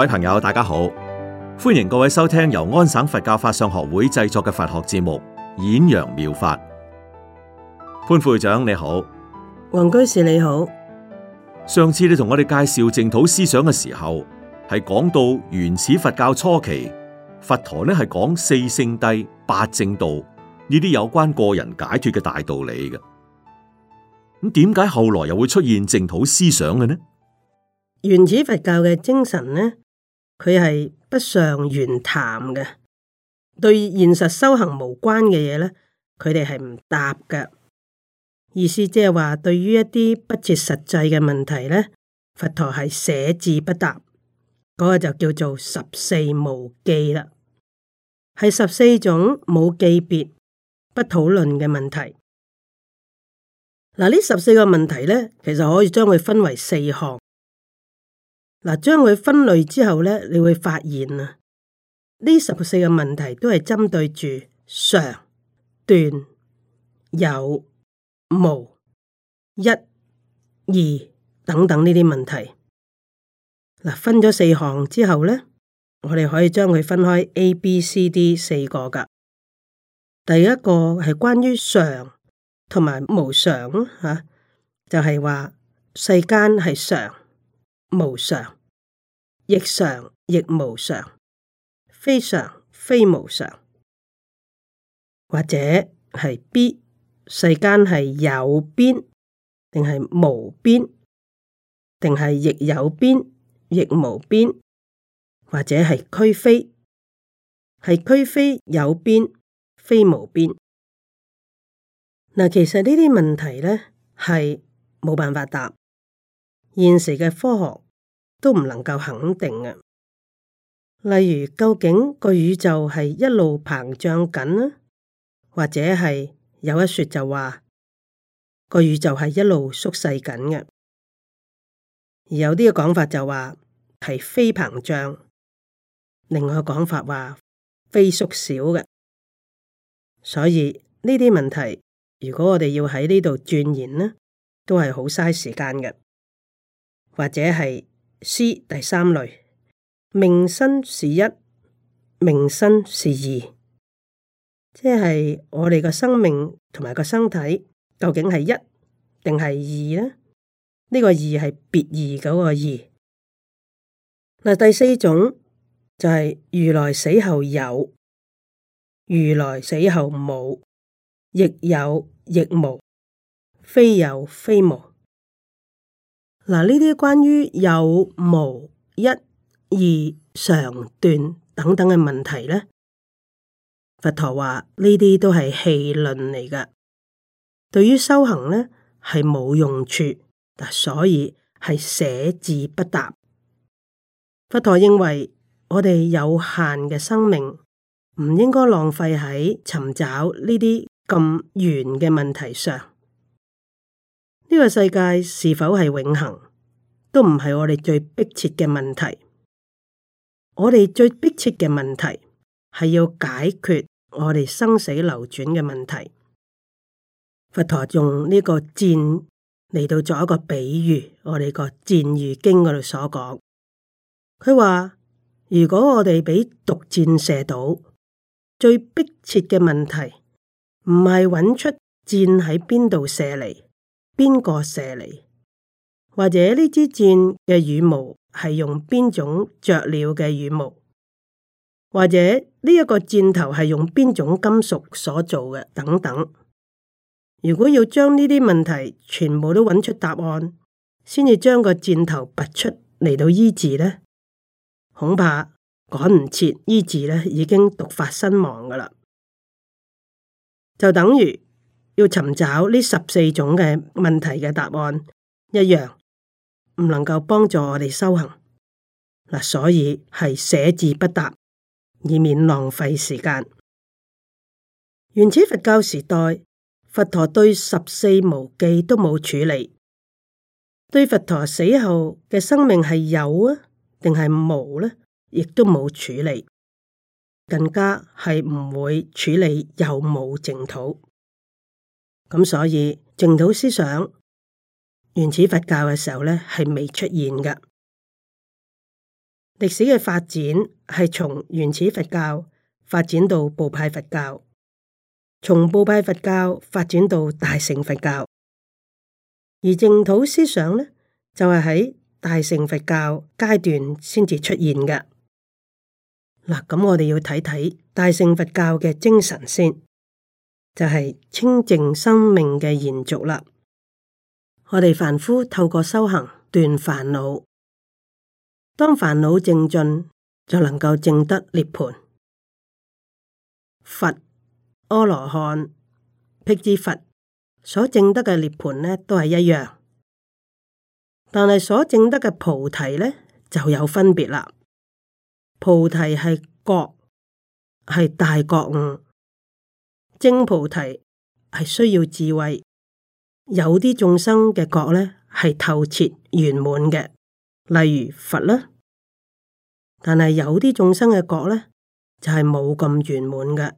各位朋友，大家好，歡迎各位收聽由安省佛教法相學會製作嘅佛學節目《演揚妙，妙法》。潘副會長你好，黃居士你好。上次你同我哋介紹淨土思想嘅時候，係講到原始佛教初期，佛陀呢係講四聖諦、八正道呢啲有關個人解脫嘅大道理嘅。咁點解後來又會出現淨土思想嘅呢？原始佛教嘅精神呢？佢係不上言談嘅，對現實修行無關嘅嘢咧，佢哋係唔答嘅。意思即係話，對於一啲不切實際嘅問題咧，佛陀係捨置不答，嗰個就叫做十四無記啦，係十四種無記別、不討論嘅問題。嗱，呢十四個問題咧，其實可以將佢分為四項。嗱，將佢分類之後咧，你會發現啊，呢十四個問題都係針對住常、斷、有無一二等等呢啲問題。嗱，分咗四項之後咧，我哋可以將佢分開 A、B、C、D 四個噶。第一個係關於常同埋無常吓，啊，就係、是、話世間係常，無常，亦常亦無常，非常非無常，或者係必，世間係有邊，定係無邊，定係亦有邊亦無邊，或者係區非，係區非有邊非無邊。嗱，其實呢啲問題咧係冇辦法答。現時嘅科學都唔能夠肯定嘅，例如究竟個宇宙係一路膨脹緊呢，或者係有一說就話個宇宙係一路縮細緊嘅，而有啲嘅講法就話係非膨脹，另外講法話非縮小嘅，所以呢啲問題，如果我哋要喺呢度鑽研呢，都係好嘥時間嘅。或者係思第三類，命身是一、命身是二，即係我哋個生命同埋個身體究竟係一定係二呢？呢、呢個二係別二嗰個二。嗱，第四種就係如來死後有，如來死後冇，亦有亦無，非有非無。嗱，呢啲關於有無、一異、常斷等等嘅問題咧，佛陀話呢啲都係戲論嚟㗎，對於修行咧係冇用處，但所以係捨字不答。佛陀認為我哋有限嘅生命唔應該浪費喺尋找呢啲咁遠嘅問題上，呢、這個世界是否係永恆？都唔係我哋最迫切嘅問題，我哋最迫切嘅問題係要解決我哋生死流轉嘅問題。佛陀用呢個箭嚟到作一個比喻，我哋個箭喻經嗰度所講，佢話如果我哋畀毒箭射到，最迫切嘅問題唔係揾出箭喺邊度射嚟，邊個射嚟。或者呢支箭嘅羽毛係用邊種雀鳥嘅羽毛，或者呢一個箭頭係用邊種金屬所做嘅，等等。如果要將呢啲問題全部都揾出答案，先至將個箭頭拔出嚟到醫治咧，恐怕趕唔切醫治咧，已經毒發身亡噶啦。就等於要尋找呢十四種嘅問題嘅答案一樣。唔能夠幫助我哋修行，所以係捨字不答，以免浪費時間。原始佛教時代，佛陀對十四無記，都冇處理，對佛陀死後嘅生命係有啊，定係無咧，啊，亦都冇處理，更加係唔會處理有冇淨土。咁所以淨土思想，.原始佛教嘅時候呢係未出現噶。歷史嘅發展係從原始佛教發展到部派佛教，從部派佛教發展到大乘佛教。而淨土思想呢，就係喺大乘佛教階段先至出現噶。嗱，咁我哋要睇睇大乘佛教嘅精神先，就係清淨生命嘅延續啦。我哋凡夫透過修行斷煩惱，當煩惱淨盡，就能夠證得涅槃。佛、阿羅漢、辟支佛所證得嘅涅槃咧，都係一樣，但係所證得嘅菩提咧就有分別啦。菩提係覺，係大覺悟。證菩提係需要智慧。有啲眾生嘅覺咧係透徹圓滿嘅，例如佛啦。但係有啲眾生嘅覺咧就係冇咁圓滿嘅。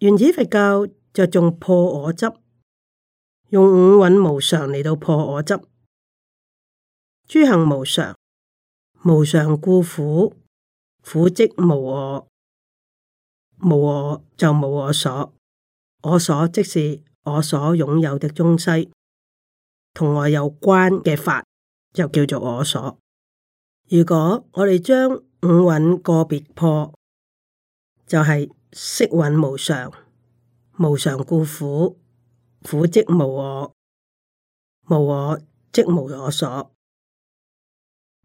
原始佛教著重破我執，用五蘊無常嚟到破我執。諸行無常，無常故苦，苦即無我，無我就無我所，我所即是。我所擁有的東西，同我有關嘅法，就叫做我所。如果我哋將五蘊個別破，就係、是、色蘊無常，無常故苦，苦即無我，無我即無我所。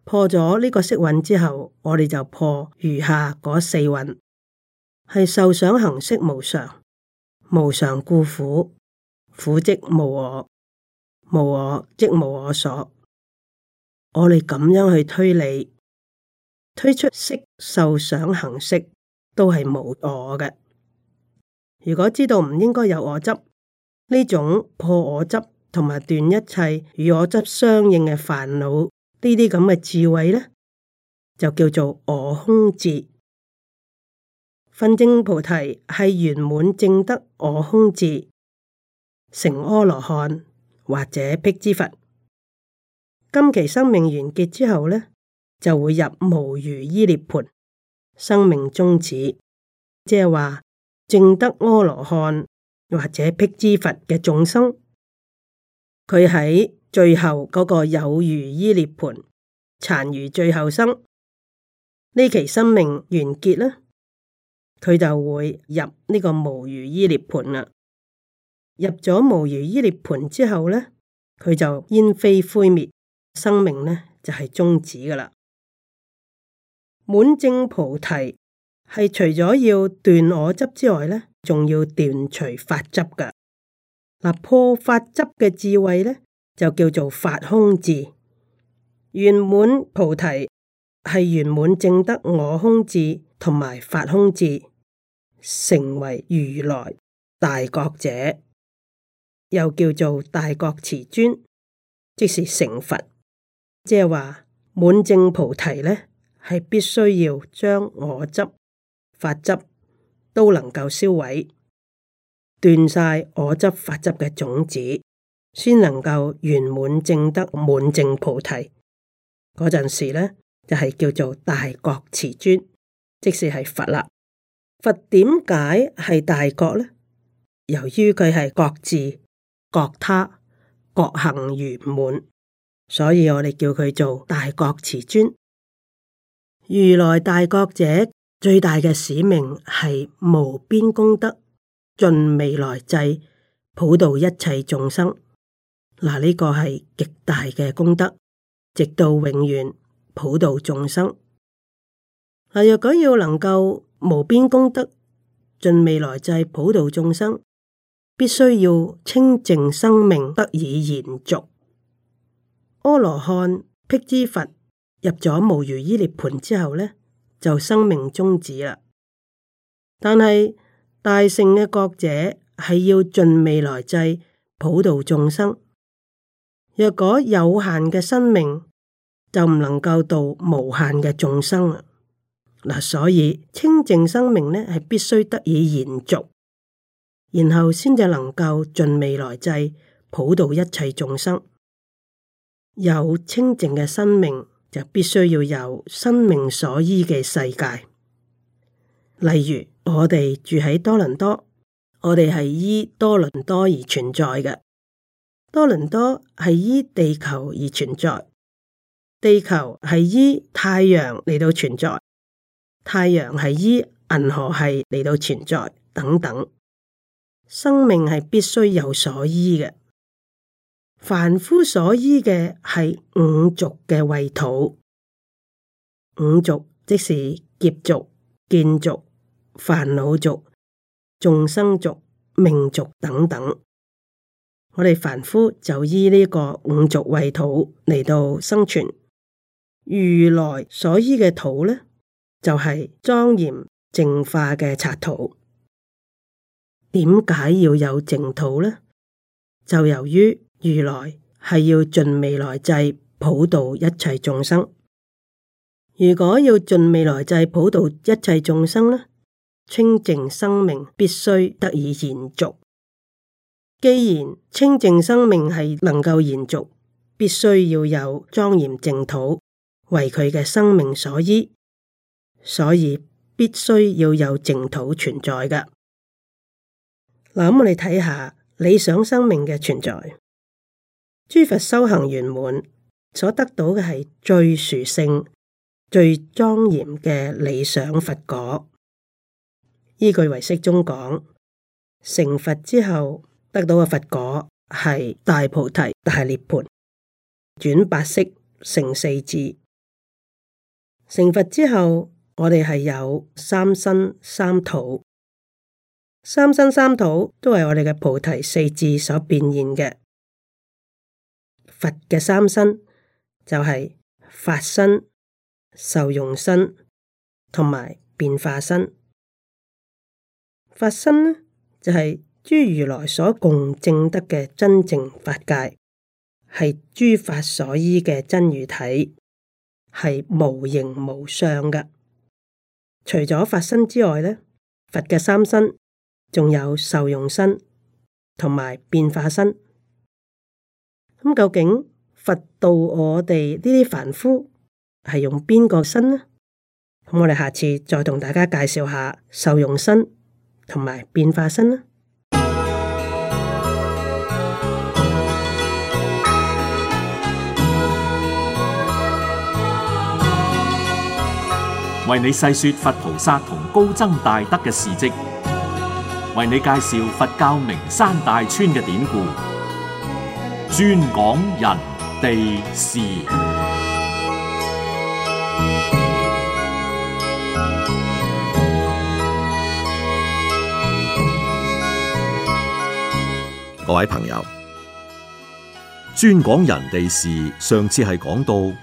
破咗呢個色蘊之後，我哋就破餘下嗰四蘊，係受想行識無常，無常故苦。苦即無我，無我即無我所。我哋咁樣去推理，推出色受想行識都係無我嘅。如果知道唔應該有我執，呢種破我執同埋斷一切與我執相應嘅煩惱，呢啲咁嘅智慧呢，就叫做我空智。分證菩提係圓滿證得「我空智」。成阿羅漢或者辟支佛，今期生命完結之後咧，就會入無餘依涅槃，生命終止。即係話證得阿羅漢或者辟支佛嘅眾生，佢喺最後嗰個有餘依涅槃殘餘最後生呢期生命完結啦，佢就會入呢個無餘依涅槃啦。入咗無餘依涅盤之後咧，佢就煙飛灰滅，生命咧就係、是、終止噶啦。滿正菩提係除咗要斷我執之外咧，仲要斷除法執噶。嗱，破法執嘅智慧咧就叫做法空智。圓滿菩提係圓滿正得我空智同埋法空智，成為如來大覺者。又叫做大覺慈尊，即是成佛，即係話滿正菩提呢，係必須要將我執、法執都能夠銷毀，斷晒我執法執嘅種子，先能夠圓滿正得滿正菩提。嗰陣時呢，就係、是、叫做大覺慈尊，即是係佛啦。佛點解係大覺咧？由於佢係覺者。.覺他、覺行圓滿，所以我哋叫佢做大覺慈尊。如來大覺者最大嘅使命係無邊功德，盡未來際，普渡一切眾生。嗱，呢個係極大嘅功德，直到永遠普渡眾生。嗱，若果要能夠無邊功德，盡未來際普渡眾生。必須要清淨生命得以延續。阿羅漢辟支佛入咗無餘依涅盤之後呢，就生命終止啦。但係大聖嘅覺者係要盡未來際普渡眾生，若果有限嘅生命就唔能夠度無限嘅眾生啊！嗱，所以清淨生命呢係必須得以延續。然後先至能夠盡未來世普渡一切眾生。有清淨嘅生命，就必須要有生命所依嘅世界。例如我哋住喺多倫多，我哋係依多倫多而存在嘅。多倫多係依地球而存在，地球係依太陽嚟到存在，太陽係依銀河系嚟到存在，等等。生命係必須有所依嘅，凡夫所依嘅係五濁嘅穢土，五濁即是劫濁、見濁、煩惱濁、眾生濁、命濁等等。我哋凡夫就依呢個五濁穢土嚟到生存，如來所依嘅土呢，就係、是、莊嚴淨化嘅剎土。點解要有淨土呢？就由於如來係要盡未來際普渡一切眾生，如果要盡未來際普渡一切眾生呢，清淨生命必須得以延續。既然清淨生命係能夠延續，必須要有莊嚴淨土為佢嘅生命所依，所以必須要有淨土存在㗎。嗱，咁我哋睇下理想生命嘅存在，諸佛修行圓滿所得到嘅係最殊勝、最莊嚴嘅理想佛果。依據唯識中講，成佛之後得到嘅佛果係大菩提、大涅槃，轉八識成四智。成佛之後，我哋係有三身、三土。三身三土都係我哋嘅菩提四智所變現嘅。佛嘅三身就係、是、法身、受用身同埋變化身。法身呢就係、是、諸如來所共證得嘅真正法界，係諸法所依嘅真如體，係無形無相嘅。除咗法身之外呢，佛嘅三身。仲有受用身同埋變化身，咁究竟佛度我哋呢啲凡夫係用邊個身呢？咁我哋下次再同大家介紹下受用身同埋變化身啦。為你細說佛菩薩同高僧大德嘅事跡。為你介紹佛教名山大川嘅典故，專講人地事。各位朋友，專講人地事，上次係講到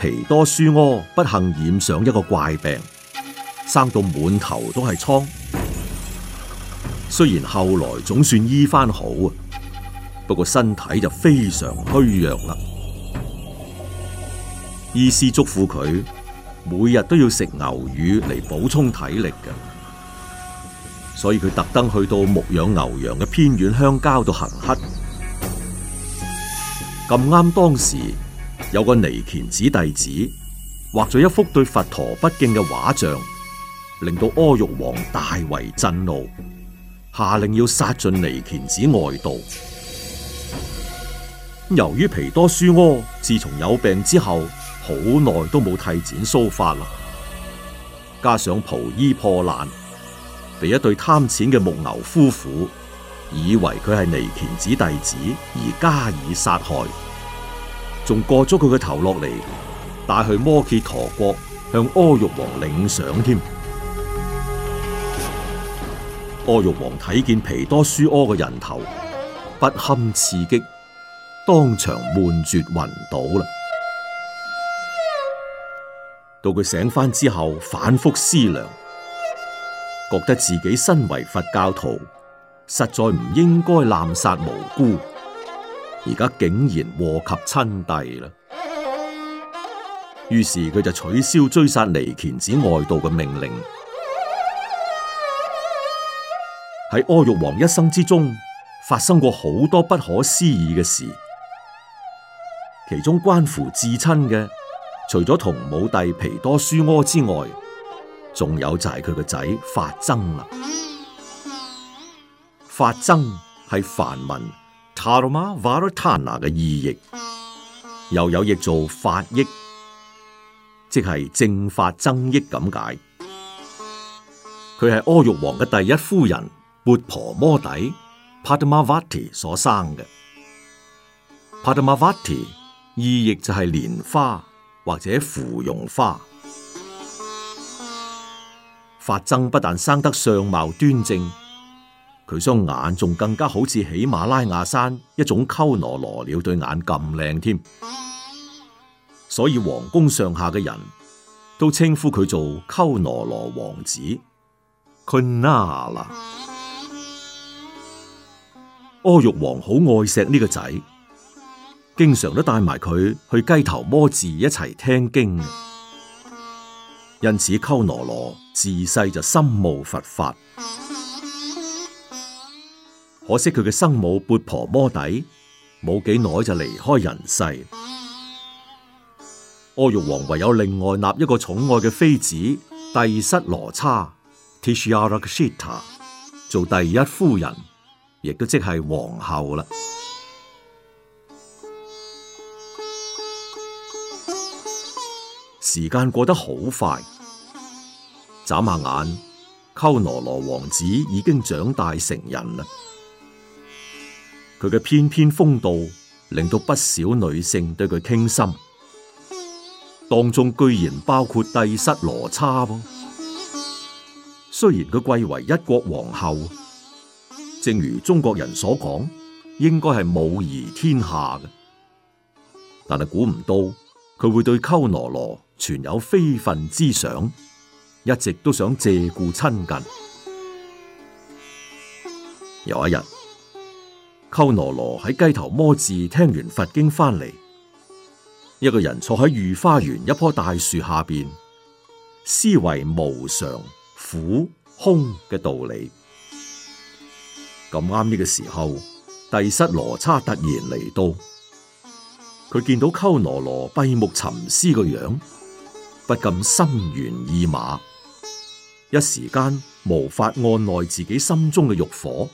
皮多書柯不幸染上一個怪病，生到滿頭都係瘡。雖然後來總算醫翻好啊，不過身體就非常虛弱啦。醫師囑咐佢每日都要食牛乳嚟補充體力㗎，所以佢特登去到牧養牛羊嘅偏遠鄉郊度行乞。咁啱當時有個尼乾子弟子畫咗一幅對佛陀不敬嘅畫像，令到阿育王大為震怒。下令要殺盡尼乾子外道。由於皮多舒柯，自從有病之後，好耐都冇剃剪鬚髮啦。加上袍衣破爛，被一對貪錢嘅牧牛夫婦以為佢係尼乾子弟子而加以殺害，仲割咗佢嘅頭落嚟，帶去摩羯陀國向阿育王領賞添。阿育王睇見皮多書柯嘅人頭，不堪刺激，當場悶絕暈倒啦。到佢醒返之後，反複思量，覺得自己身為佛教徒，實在唔應該濫殺無辜，而家竟然禍及親弟啦。於是佢就取消追殺尼乾子外道嘅命令。喺阿育王一生之中，發生過好多不可思議嘅事，其中關乎至親嘅，除咗同母弟皮多蘇柯之外，仲有就係佢個仔法增啦。法增係梵文 Dharmavardhana 嘅意譯，又有譯做法益，即係正法增益咁解。佢係阿育王嘅第一夫人，活婆摸底、帕特瑪瓦蒂所生嘅。帕特瑪瓦蒂意譯就係蓮花或者芙蓉花。法增不但生得相貌端正，佢雙眼仲更加好似喜馬拉雅山一種溝羅羅鳥鳥對眼咁靚添，所以皇宮上下嘅人都稱呼佢做溝羅羅王子，Kunala。阿育王好愛錫呢個仔，經常都帶埋佢去雞頭摩寺，一齊聽經。因此溝羅羅，鳩羅羅自細就心慕佛法。可惜佢嘅生母缽婆摩底冇幾耐就離開人世，阿育王唯有另外納一個寵愛嘅妃子帝失羅叉做第一夫人。亦都即係皇后啦。時間過得好快，眨下眼，鳩羅羅王子已經長大成人啦。佢嘅翩翩風度，令到不少女性對佢傾心，當中居然包括帝室羅差。雖然佢貴為一國皇后。正如中國人所講，應該係母儀天下嘅，但係估唔到佢會對鳩羅羅存有非分之想，一直都想借故親近。 有一日，鳩羅羅喺雞頭摩寺，聽完佛經翻嚟，一個人坐喺御花園一棵大樹下邊，思維無常、苦、空嘅道理。咁啱呢個時候，帝室羅叉突然嚟到，佢見到鳩羅羅閉目沉思個樣，不禁心猿意馬，一時間無法按捺自己心中嘅慾火，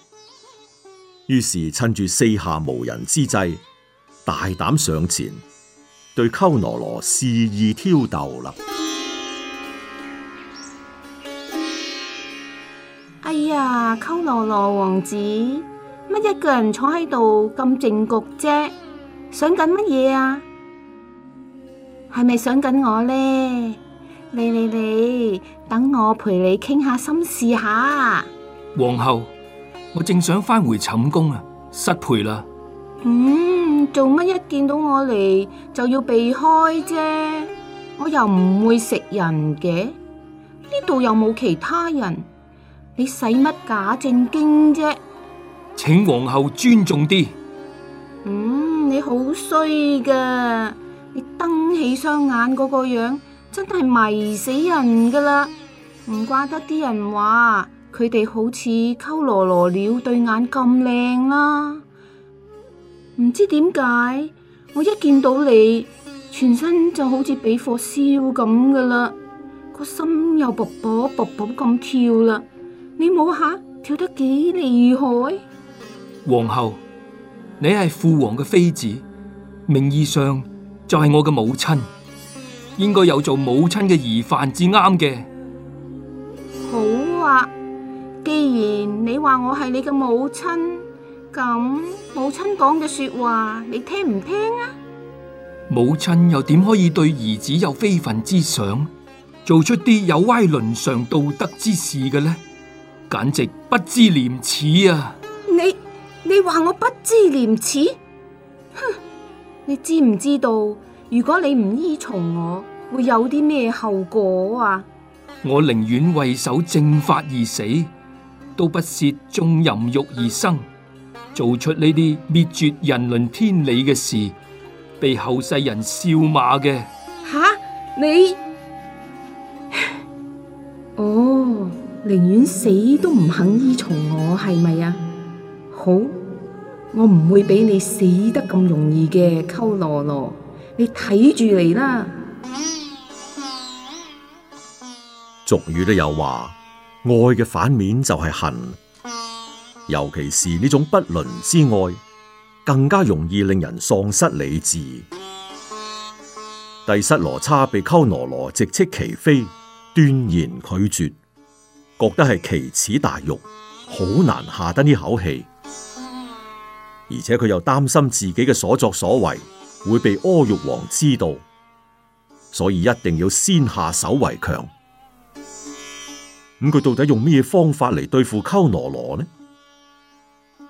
於是趁住四下無人之際，大膽上前對鳩羅羅肆意挑逗啦。啊，溝羅羅王子，乜一個人坐喺度咁靜局啫？想緊乜嘢啊？係咪想緊我咧？嚟嚟嚟，等我陪你傾下心事下。皇后，我正想返回寢宮啊，失陪啦。嗯，做乜一見到我嚟就要避開啫？我又唔會食人嘅，呢度又冇其他人。你使乜假正經啫？請皇后尊重啲。嗯，你好衰噶！你瞪起雙眼嗰個樣，真係迷死人噶啦！唔怪得啲人話佢哋好似溝羅羅鳥對眼咁靚啦。唔知點解，我一見到你，全身就好似俾火燒咁噶啦，個心又卜卜卜卜咁跳啦。你冇下、啊、跳得幾厲害？皇后，你係父王嘅妃子，名義上就係我嘅母親，應該有做母親嘅儀範至啱嘅。好啊，既然你話我係你嘅母親，咁母親講嘅說話你聽唔聽啊？母親又點可以對兒子有非分之想，做出啲有歪倫常道德之事嘅呢？簡直不知廉恥啊！你你話我不知廉恥？哼！你知唔知道如果你唔依從我，會有啲咩後果啊？我寧願為守正法而死，都不屑縱淫慾而生，做出呢啲滅絕人倫天理嘅事，被後世人笑罵嘅。吓你？ 哦。寧願死都唔肯依從我，係咪啊？好，我唔會俾你死得咁容易嘅，鳩羅羅，你睇住嚟啦。俗語都有話，愛嘅反面就係恨，尤其是呢種不倫之愛，更加容易令人喪失理智。帝失羅叉被鳩羅羅直斥其非，斷然拒絕。覺得係奇恥大辱，好難下得呢口氣，而且佢又擔心自己嘅所作所為會被阿育王知道，所以一定要先下手為強。咁佢到底用咩方法嚟對付鳩羅羅呢？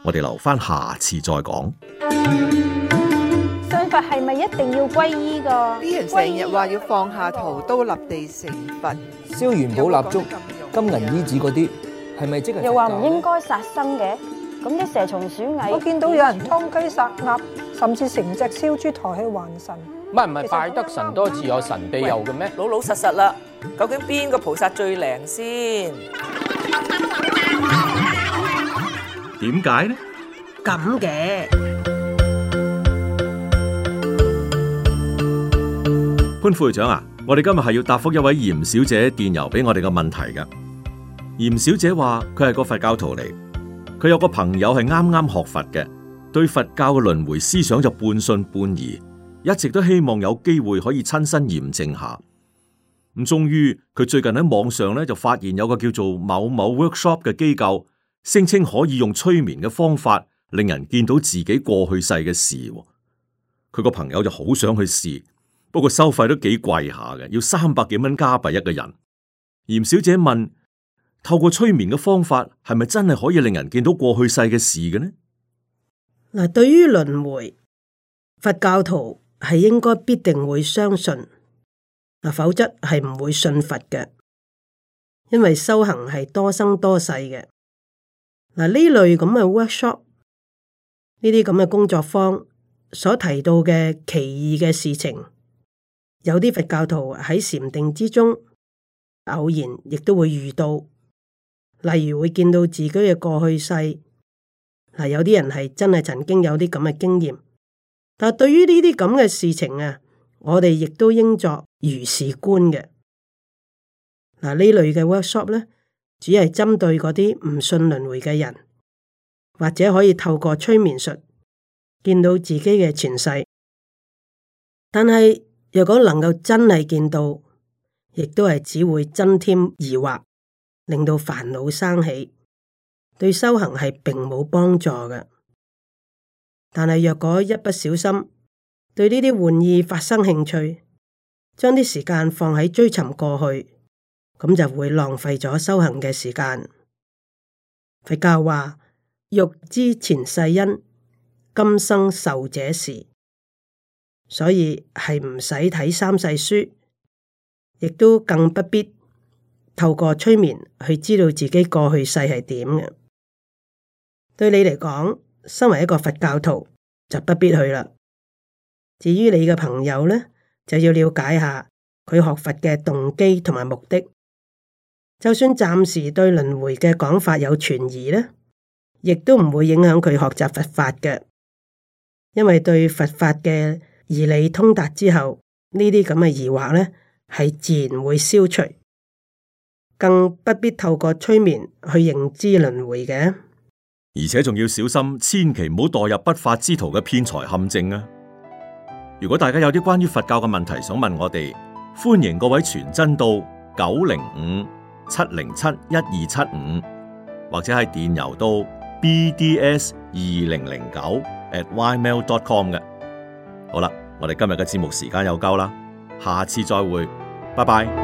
我哋留翻下，下次再講。信佛係咪一定要皈依噶？呢啲人成日話要放下屠刀立地成佛，燒元寶蠟燭。金銀衣紙嗰啲係咪即係？又話唔應該殺生嘅，咁啲蛇蟲鼠蟻，我見到有人劏雞殺鴨，甚至成隻燒豬，抬起還神。唔係唔係，拜得神多自有神庇佑嘅咩？老老實實啦，究竟邊個菩薩最靈先？點解呢？咁嘅，潘副會長啊，我哋今日係要答覆一位嚴小姐電郵俾我哋嘅問題噶。嚴小姐話：佢係個佛教徒嚟，佢有個朋友係啱啱學佛嘅，對佛教嘅輪回思想就半信半疑，一直都希望有機會可以親身驗證下。咁終於佢最近喺網上咧就發現有個叫做某某 workshop 嘅機構，聲稱可以用催眠嘅方法令人見到自己過去世嘅事。佢個朋友就好想去試，不過收費都幾貴下嘅，要三百幾蚊加幣一個人。嚴小姐問：透過催眠嘅方法，係咪真係可以令人見到過去世嘅事嘅呢？嗱，對於輪回，佛教徒係應該必定會相信，嗱，否則係唔會信佛嘅，因為修行係多生多世嘅。嗱，呢類咁嘅 workshop，呢啲咁嘅工作坊所提到嘅奇異嘅事情，有啲佛教徒喺禪定之中，偶然亦都會遇到。例如會見到自己嘅過去世，有啲人係真係曾經有啲咁嘅經驗，但係對於呢啲咁嘅事情，我哋亦都應作如是觀嘅。這類的呢類嘅 workshop 呢，只係針對嗰啲唔信輪迴嘅人，或者可以透過催眠術見到自己嘅前世，但係如果能夠真係見到，亦都係只會增添疑惑。令到煩惱生起，對修行係並冇幫助嘅。但係若果一不小心對呢啲玩意發生興趣，將啲時間放喺追尋過去，咁就會浪費咗修行嘅時間。佛教話：欲知前世因，今生受者是，所以係唔使睇三世書，亦都更不必。透過催眠去知道自己過去世係點嘅，對你嚟講，身為一個佛教徒就不必去啦。至於你嘅朋友咧，就要了解下佢學佛嘅動機同埋目的。就算暫時對輪回嘅講法有存疑咧，亦都唔會影響佢學習佛法嘅，因為對佛法嘅義理通達之後，這這呢啲咁嘅疑惑咧係自然會消除。更不必透過催眠去認知輪迴嘅，而且仲要小心，千祈唔好墮入不法之徒嘅騙財陷阱啊！如果大家有啲關於佛教嘅問題想問我哋，歡迎各位傳真到九零五七零七一二七五，75，或者係電郵到 bds 二零零九 atymail.com 嘅。好啦，我哋今日嘅節目時間又夠啦，下次再會，拜拜。